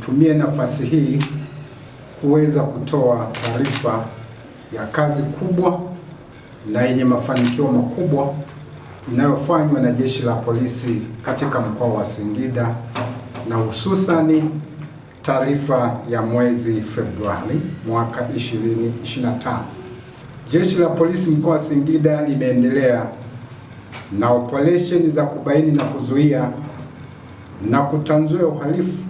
nitumie nafasi hii kuweza kutoa taarifa ya kazi kubwa na yenye mafanikio makubwa inayofanywa na Jeshi la Polisi katika mkoa wa Singida na hususani taarifa ya mwezi Februari mwaka 2025. Jeshi la Polisi mkoa wa Singida limeendelea na operesheni za kubaini na kuzuia na kutanzua uhalifu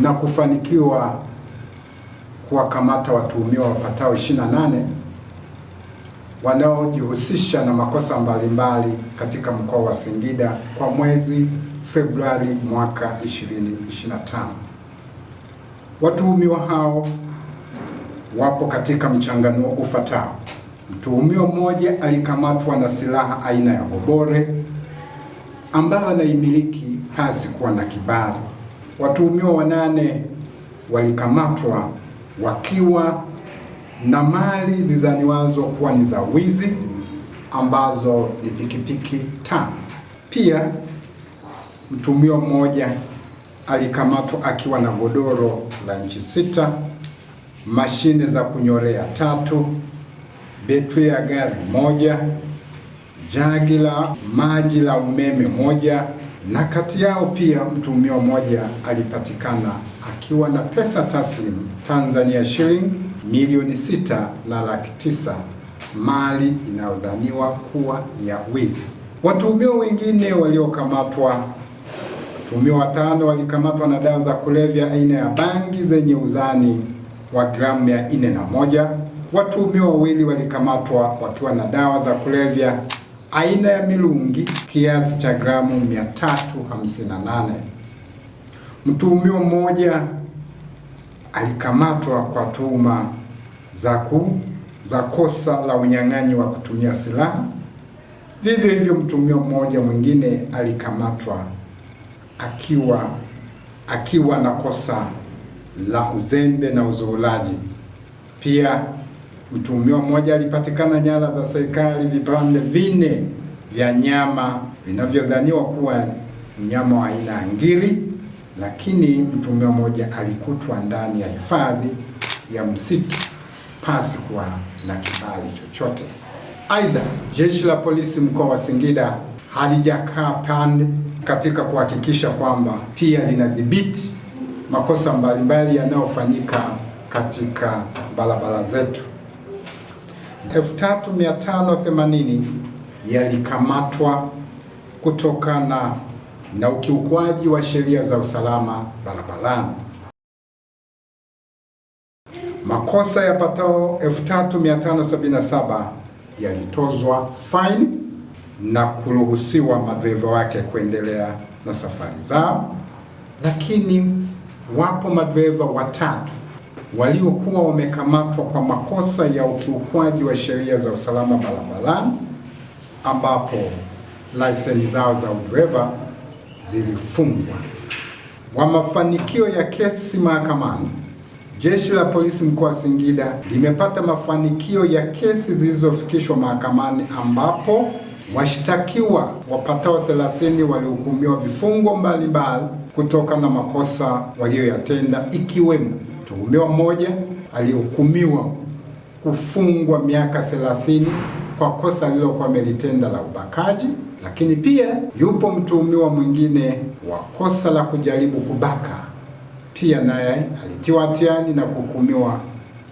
na kufanikiwa kuwakamata watuhumiwa wapatao 28 wanaojihusisha na makosa mbalimbali katika mkoa wa Singida kwa mwezi Februari mwaka 2025. Watuhumiwa hao wapo katika mchanganuo ufatao. Mtuhumiwa mmoja alikamatwa na silaha aina ya gobore ambayo anaimiliki hasi kuwa na kibali. Watuhumiwa wanane walikamatwa wakiwa na mali zizaniwazo kuwa ni za wizi ambazo ni pikipiki tano. Pia mtuhumiwa mmoja alikamatwa akiwa na godoro la inchi sita, mashine za kunyorea tatu, betri ya gari moja, jagi la maji la umeme moja na kati yao pia mtuhumiwa mmoja alipatikana akiwa na pesa taslim Tanzania shilling milioni sita na laki tisa, mali inayodhaniwa kuwa ya wizi. Watuhumiwa wengine waliokamatwa, watuhumiwa watano walikamatwa na dawa za kulevya aina ya bangi zenye uzani wa gramu mia nne na moja. Watuhumiwa wawili walikamatwa wakiwa na dawa za kulevya aina ya mirungi kiasi cha gramu 358. Mtuhumiwa mmoja alikamatwa kwa tuhuma za ku za kosa la unyang'anyi wa kutumia silaha. Vivyo hivyo, mtuhumiwa mmoja mwingine alikamatwa akiwa akiwa na kosa la uzembe na uzuulaji pia Mtuhumiwa mmoja alipatikana nyara za serikali vipande vinne vya nyama vinavyodhaniwa kuwa mnyama wa aina ya ngiri, lakini mtuhumiwa mmoja alikutwa ndani ya hifadhi ya msitu pasi kuwa na kibali chochote. Aidha, jeshi la polisi mkoa wa Singida halijakaa pande katika kuhakikisha kwamba pia linadhibiti makosa mbalimbali yanayofanyika katika barabara zetu. 3580 yalikamatwa kutokana na ukiukwaji wa sheria za usalama barabarani. Makosa yapatao 3577 yalitozwa faini na kuruhusiwa madereva wake kuendelea na safari zao, lakini wapo madereva watatu waliokuwa wamekamatwa kwa makosa ya ukiukwaji wa sheria za usalama barabarani ambapo leseni zao za udereva zilifungwa. Kwa mafanikio ya kesi mahakamani, Jeshi la Polisi mkoa wa Singida limepata mafanikio ya kesi zilizofikishwa mahakamani ambapo washtakiwa wapatao 30 walihukumiwa vifungo mbalimbali kutokana na makosa waliyoyatenda ikiwemo Mtuhumiwa mmoja alihukumiwa kufungwa miaka 30 kwa kosa alilokuwa amelitenda la ubakaji, lakini pia yupo mtuhumiwa mwingine wa kosa la kujaribu kubaka, pia naye alitiwa hatiani na kuhukumiwa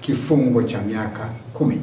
kifungo cha miaka kumi.